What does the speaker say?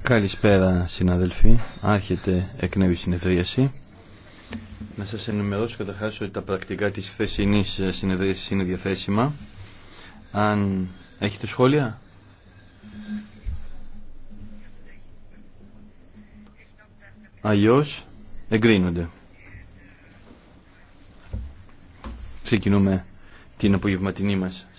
Καλησπέρα συναδελφοί, άρχεται εκ νέου η συνεδρίαση. Να σας ενημερώσω καταρχάς ότι τα πρακτικά της χθεσινής ε, συνεδρίασης είναι διαθέσιμα. Αν έχετε σχόλια. Αλλιώς εγκρίνονται. Ξεκινούμε την απογευματινή μας